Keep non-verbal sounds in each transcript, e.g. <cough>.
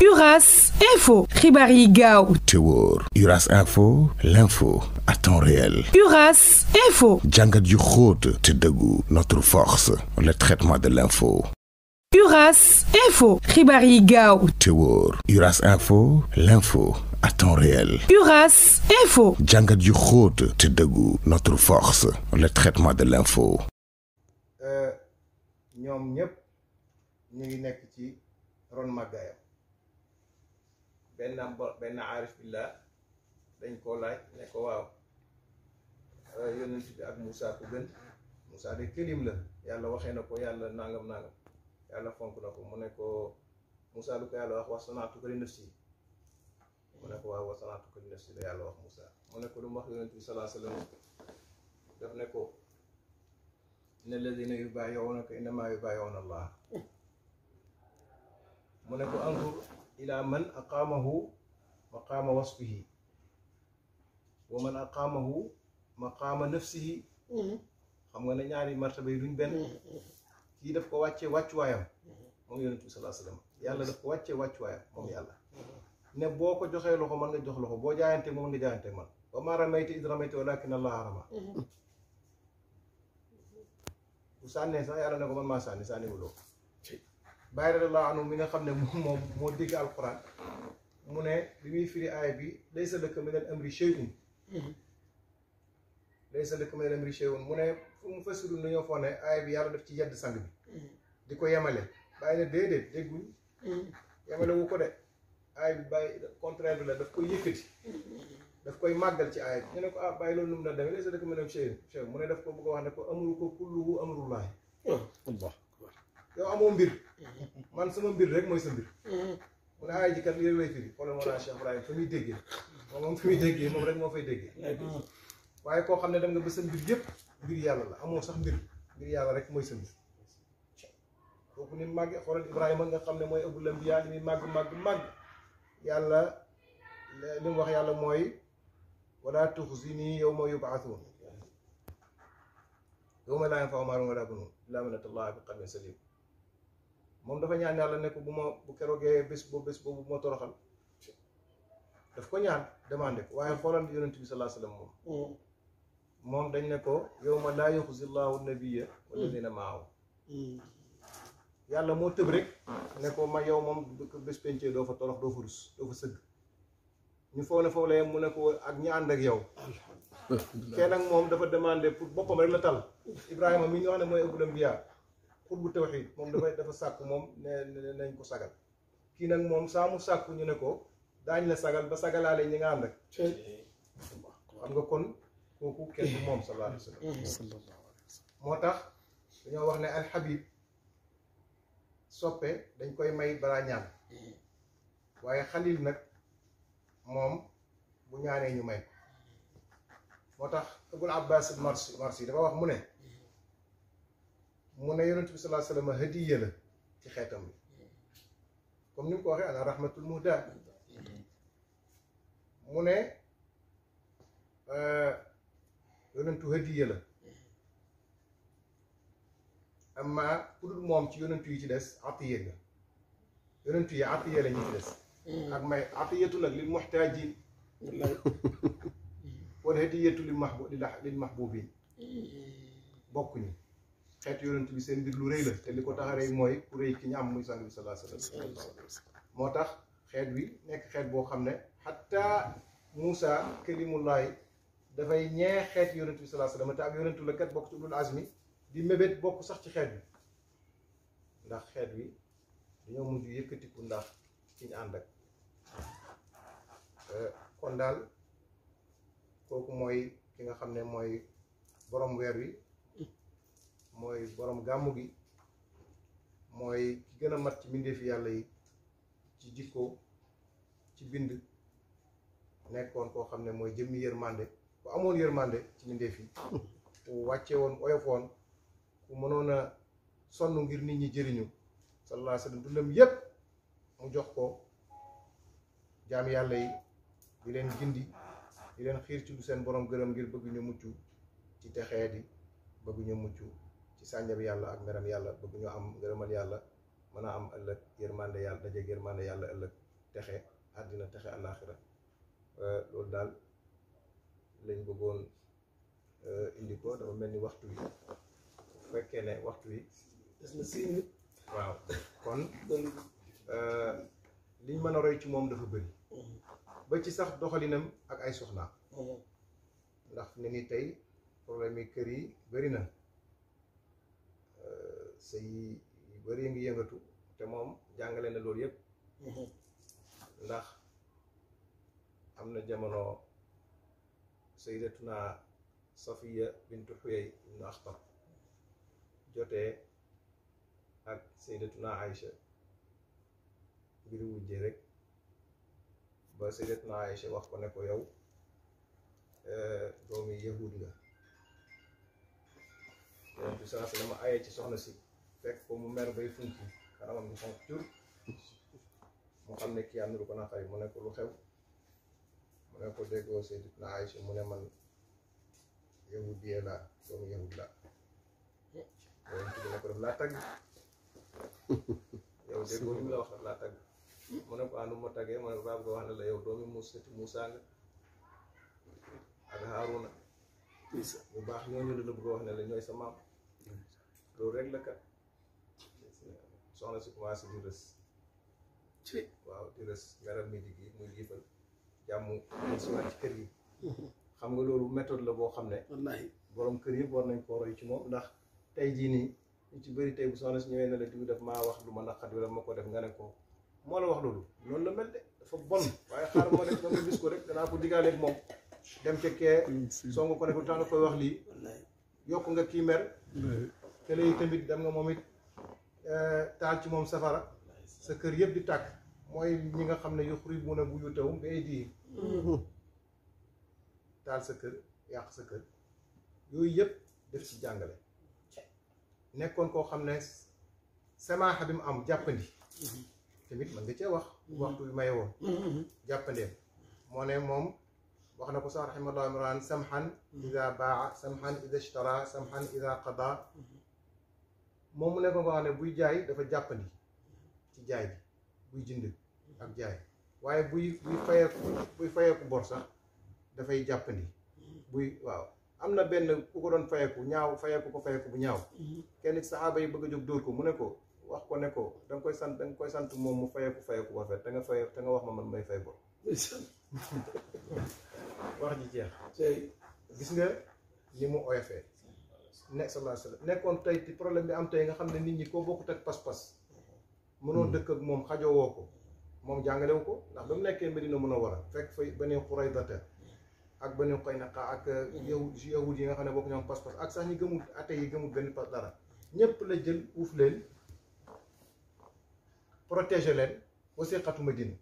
Uras Info. Ribari Gao. Tewor. Uras Info. L'info à temps réel. Uras Info. Django du te Notre force. Le traitement de l'info. Uras Info. Ribari Gao. Tewor. Uras Info. L'info à temps réel. Uras Info. Django du te Notre force. Le traitement de l'info. Euh, ron benn benn aarif billah dañ koo laaj ne ko waaw euh, yonent bi ak Moussa ku gën Moussa de këlim la yàlla waxee na ko yàlla nangam nangam yàlla fonk na ko mu ne ko Moussa lu ko yàlla wax wasanaatu ko li mu ne ko waaw wasanaatu ko li nafsi yàlla wax Moussa mu ne ko lu mu wax yonent bi salaa sallam daf ne ko inna alladina yubaayiunaka innamaa yubaayiuna allah mu ne ko encore ila man aqaamahu maqaama wasfihi wa man aqaamahu maqaama nafsihi mm-hmm. xam nga ne ñaari martaba yi duñ benn mm-hmm. kii daf ko wàcce wàccuwaayam mm-hmm. moom yonent bi salaa sallam yàlla daf ko wàccee wàccuwaayam moom yàlla ne boo ko joxee loxo mën nga jox loxo boo jaayante moom nga jaayante man wa maa ramayta id ramayta walakin allaha rama bu sànnee sax yàlla ne ko man maa sànni sànniwuloo bàyyi la anhu mi nga xam ne moom moom moo dégg alquran mu ne li muy firi aaya bi laysa laka min al amri shay'un laysa laka min mu ne fu mu fassirul nañoo foog ne aaya bi yàlla def ci yedd sang bi di ko yemale bàyyi ne déedéet déggul yemale wu ko de aaya bi bàyyi contraire bi la daf koy yëkkati daf koy màggal ci aaya bi ñu ne ko ah bàyyi loolu nu mu na demee laysa laka min al amri shay'un mu ne daf ko bëgg wax ne ko amru ko kulluhu amrullahi oh, yow amoo mbir man sama mbir rek mooy sa mbir. Mm-hmm. mu ne aaya ji kat yooyu lay firi xoolal Mawlana Cheikh Ibrahim fa muy déggee moom moom fa muy déggee moom rek moo fay déggee. Mm-hmm. waaye koo xam ne dem nga ba sa mbir yëpp mbir yàlla la amoo sax mbir mbir yàlla rek mooy sa mbir. kooku ni màgg xoolal Ibrahima nga xam ne mooy abul anbiyaa ni màgg màgg màgg yàlla li mu wax yàlla mooy wala tuxzini yawma yub'athuun yawma laa yanfa'u maalun wala banuun illaa man atallaaha bi qalbin saliim mom dafa ñaan yalla ne ko bu kéro bu keroogee bés boobu bés buma toroxal daf ko ñaan demandé ko waaye xoolal yonent bi sallallahu alayhi wasallam mom mm. mom dañ ne ko yow ma laa yuxzi nabiyya wa walladina maahu mm. yalla mo teub rek ne ko ma yow moom bés penché do fa torox do fa rus do fa seug ñu foog ne foofu la yem mu ne ko ak ñi ànd ak yow kenn ak mom dafa demandé pour bopam rek la tal Ibrahima mi ñu wax ne mooy ëbbul xutbu tawxiid moom dafay dafa sàkku moom ne nañ ko sagal kii nag moom saa mu sàkku ñu ne ko daañ la sagal ba sagalaale ñi nga ànd ak xam nga kon kooku kenn moom sallallahu alayhi wa sallam mm-hmm. moo tax dañoo wax ne alxabib soppe dañ koy may balaa ñaan mm-hmm. waaye xalil nag moom bu ñaanee ñu may moo tax Abul Abbas Marsi Marsi dafa wax mu ne mu ne yonent bi salaa sallam hadiya la ci xeetam bi comme ni ko waxee ala rahmatul muhda mu ne euh, yonentu hadiya la amma ku dul moom ci yonentu yi ci des atiya la yonentu yi atiya la ñu ci des ak may atiyatu nag lil muhtajin <laughs> wala hadiyatu ah, lil mahbubin bokkuñu xeet yonent bi seen mbir lu rëy la te liko taxare moy ku reey ki ñu am muy sallallahu alayhi wasallam motax xet wi nek xet bo xamne hatta musa kalimullah da fay ñe xet yonent bi sallallahu alayhi wasallam ta ak yonentu la kat bok ci dul azmi di mebet bok sax ci xet bi ndax xet wi muju mujj ku ndax ci ñu ànd ak kon dal kooku moy ki nga xamne moy borom wer wi mooy boroom gàmmu gi mooy ki gën a mat ci mbindeefi yàlla yi ci jikko ci bind nekkoon koo xam ne mooy jëmmi yërmande ku amoon yërmande ci mbindeef yi ku wàcce woon oyofoon ku mënoon a sonn ngir nit ñi jëriñu sallallahu alayhi wa yépp mu jox ko jaam yàlla yi di leen gindi di leen xiir ci lu seen boroom gërëm ngir bëgg ñu mucc ci texee di bëgg ñu ci sànjab yàlla ak meram yàlla bëgg ñu am ngërëmal yàlla mën a am ëllëg yërmande yàlla dajeeg yërmande yàlla ëllëg texe àddina texe àllaaxira euh, loolu daal lañ bëggoon euh, indi ko dafa mel ni waxtu wi bu fekkee ne waxtu wi des na kon euh, liñ mën a roy ci moom dafa bëri mm-hmm. ba ci sax doxalinam ak ay soxnaam mm-hmm. ndax ni ni tey problème yi kër yi bëri na sëy yu bari ngi yëngatu te moom jàngale na loolu yëpp ndax am na jamono sayyidatuna safiya bintu xuyay ibnu axtar jotee ak sayyidatuna aïcha ngir wujje rek ba sayyidatuna aïcha wax ko ne ko yow euh, doomi yahud nga yonent bi sallallahu alayhi wa sallam ci soxna si fekk ko mu mer bay funku kanamam gi xonq cur mu xam ne kii am na lu ko naqari mu ne ko lu xew mu ne ko déggoo Sayyidatuna Aïcha mu ne man yahudiya laa doomu yahud laa loolu ci ne ko daf laa tagg yow déggoo li la wax laa tagg mu ne ko andu ma taggee mu ne ko baab nga wax ne la yow doomi Muusaa Muusaa nga ak baax ñooñu la soxna si commencé di rës ci waaw di rës meral midi gi muy liifal jàmm suwaat kër yi xam nga loolu méthode la boo xam ne wallaahi borom kër yëpp nañ koo ci moom ndax tey jii ñu ci bëri tey bu si ñëwee na la def maa wax lu ma naqat wala ma ko def nga ne ko moo la wax loolu noonu la mel de dafa bon waaye moo dem ca kee soo nga ko ne ko tax na koy wax lii yokk nga kii mer te dem nga moom it taal ci moom safara sa kër yëpp di tàkk mooy ñi nga xam ne yuxribuuna buyuutahum bi aydiihim taal sa kër yàq sa kër yooyu yëpp def ci jàngale nekkoon koo xam ne samaaxa bi mu am jàppandi tamit mën nga cee wax waxtu bi woon jàppandeem moo ne moom wax na ko sax raximallahu imran samxan ida baa samxan ida ishtara samxan ida qada moom mu nekk nga xam ne buy jaay dafa jàppandi ci jaay bi buy jënd ak jaay waaye buy buy fayeeku buy fayeeku bor sax dafay jàppandi buy waaw am na benn ku ko doon fayeeku ñaaw fayeeku ko fayeeku bu ñaaw kenn saxaaba yi bëgg a jóg dóor ko mu ne ko wax ko ne ko da koy sant da koy sant moom mu fayeeku fayeeku ba fet te nga fayeeku te nga wax ma man may fay bor <laughs> wax ji jeex gis nga ni mu oyofee nekk sallallahu alayhi wa nekkoon tey ci problème bi am tey nga xam ne nit ñi koo bokkut ak pas-pas mënoo mm. dëkk ak moom xajowoo ko moom jàngalewu ko ndax ba mu nekkee Medina mën a war a fekk fay Bani Qurayza ak Bani Qaynuqa ak euh, mm. yahud yi nga xam ne bokk ñoom pas-pas ak sax ñi gëmul ate yi gëmul benn dara ñépp la jël uuf leen protéger leen wasiqatu Medina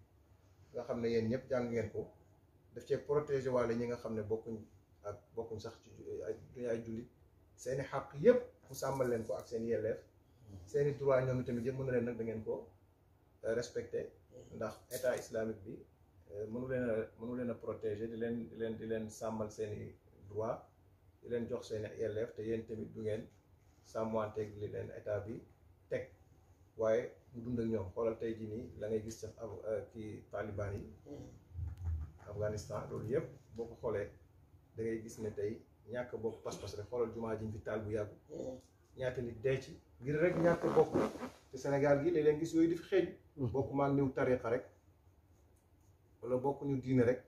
nga xam ne yéen ñëpp jàng ngeen ko daf cee protéger waale ñi nga xam ne bokkuñ ak bokkuñ sax ci ay ay jullit seni hak yep mu sàmmal ko ak seni yelef seni droit ñoom itamit yëpp mën na leen da ngeen ko euh, respecté ndax état islamique bi euh, mënu leen a mënu leen a protéger di leen di leen di leen sàmmal seeni droit di leen jox seeni yelleef te yéen tamit du ngeen sàmmanteeg li len état bi tek waaye mu dund ak ñoom xoolal tey jii nii la ngay gis ci euh, taliban yi mm-hmm. Afghanistan loolu yep boko ko xoolee da ngay gis ne ñàkk bokk pass pass rek xolal jumaa jiñ fi taal bu yàggu hmm. ñaata nit dee ci ngir rek ñàkk bokk te Sénégal gi léeg-léeg gis yoy di fi xej hmm. bokk ma niw tariqa rek wala bokk ñu diine rek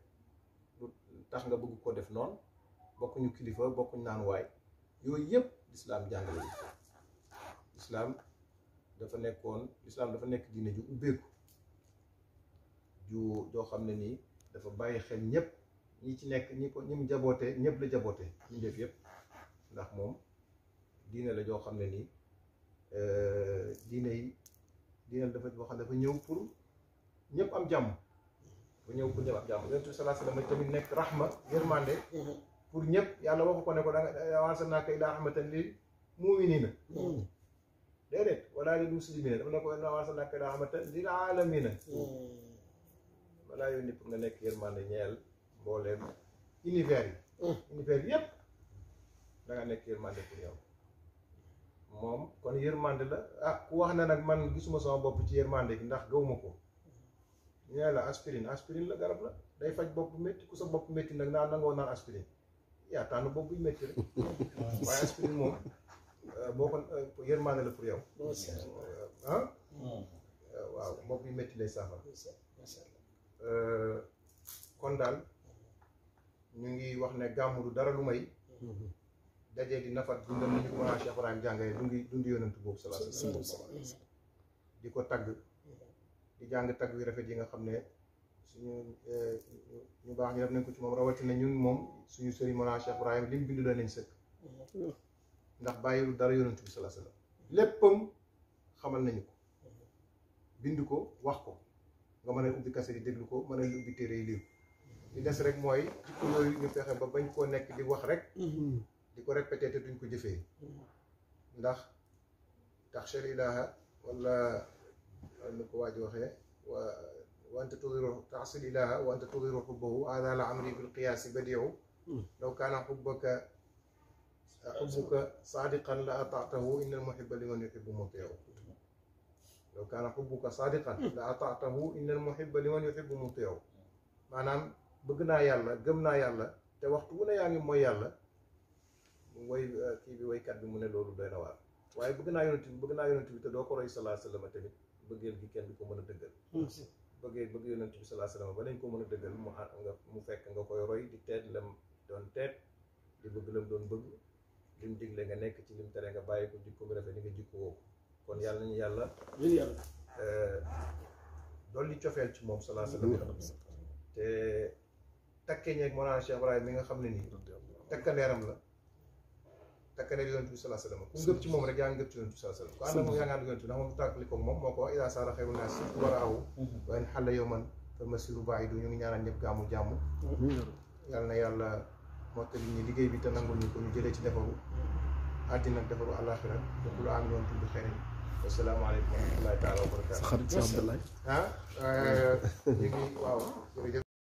tax nga bëgg ko def non bokk ñu kilifa bokk ñu naan way yoy yëpp islam jàngale islam dafa nekkon islam dafa nekk diine ju ubbeeku ju do xam ni dafa bàyyi xel ñepp ñi ci nekk ñi ko ñi mu jaboote ñëpp la jaboté ñi def yëpp ndax mom diiné la jo xamné ni euh diiné yi diiné dafa boo xam dafa ñëw pour ñepp am jamm bu ñëw pour ñëpp am jàmm yonent sallallahu alayhi wasallam tamit nek rahma yermandé mm-hmm. pour ñepp yalla waxu ko ne ko da danga arsalnaaka ilaa rahmatan lil mu'minina mm-hmm. déedéet wala lil muslimina dafa ne ko arsalnaaka ilaa rahmatan lil aalamiina mm-hmm. wala yoni pour nga nek yermandé ñeel mbollem hmm. univers yi univers yépp da nga nekk yërmande pour yow moom kon yërmande la ah ku wax ne nag man gisuma sama bopp ci yërmande gi ndax gawuma ko ñu la aspirine aspirine la garab la day faj bopp métti ku sa bopp métti nag naa nangoo naan aspirine yaa tànn bopp buy métti rek <laughs> waaye aspirine moom euh, boo ko euh, yërmande la pour yow euh, ah? hmm. waaw bopp yu métti lay saafara kon daal ñu ngi wax ne gàmmu dara lu may. Mhm. dajee di nafat dundam ni ñu ko Cheikh Ibrahim jàngale dundi dundi boobu salaatu di ko tagg mhm. di jàng tagg yu rafet yi nga xam ne suñu eh, ñu baax ñu def nañ moom rawatina ñun moom suñu sëriñ Mawlana Cheikh Ibrahim li bind la nañ sëkk mhm. ndax bàyyilu dara yonentu bi salaatu salaam léppam xamal nañu ko bind ko wax ko nga mën a ubbi kase yi déglu ko mën a ubbi téere yi lii li dess rek moy ci couleur yi ñu fexé ba bañ ko nekk di wax rek mhm. diko répéter duñ ko jëfé ndax tax shar ilaha wala lu ko waji waxé wa وانت تظهر تعصي الاله وانت تظهر حبه هذا لعمري بالقياس بديع لو كان حبك حبك صادقا لاطعته ان المحب لمن يحب مطيع لو كان حبك صادقا لاطعته ان المحب لمن يحب مطيع معناه bëgg naa yàlla gëm naa yàlla te waxtu wu ne yaa ngi mooy yàlla woy euh, kii bi woykat bi mu ne loolu doy na waar waaye bëgg naa yonent bi bëgg naa yonent bi te doo ko roy salaa sallama tamit bëggeel kenn du ko mën a dëggal bëggee bëgg yonent bi salaa sallama ba lañ ko mën a dëggal mu a mu fekk nga koy roy di teet lam doon teet bëgg lam doon bëgg lim digle nga nekk ci lim tere nga bàyyi ko jikko bi rafet ni nga jikko kon yàlla nañu yàlla euh, dolli cofeel ci moom salaa sallama te takkee ñeeg Mawlana Cheikh Ibrahima mi nga xam ne nii takkandeeram la takkandeer yonent bi salaa sallam ku ngëp ci moom rek yaa ngi ci yonent bi salaa sallam ku ànd ak moom yaa ngi ànd ndax moom tàkkali ko moom moo ila saara xewu naa si waraawu waaye xale yow man fa masiru baax du ñu ngi ñaanal ñëpp gàmmu jàmm yàlla na yàlla mottali ñu liggéey bi te nangul ko ñu ci defaru àddina defaru àllaaxira dëkk lu am yoon tudd xerin wasalaamaaleykum wa rahmatullahi wa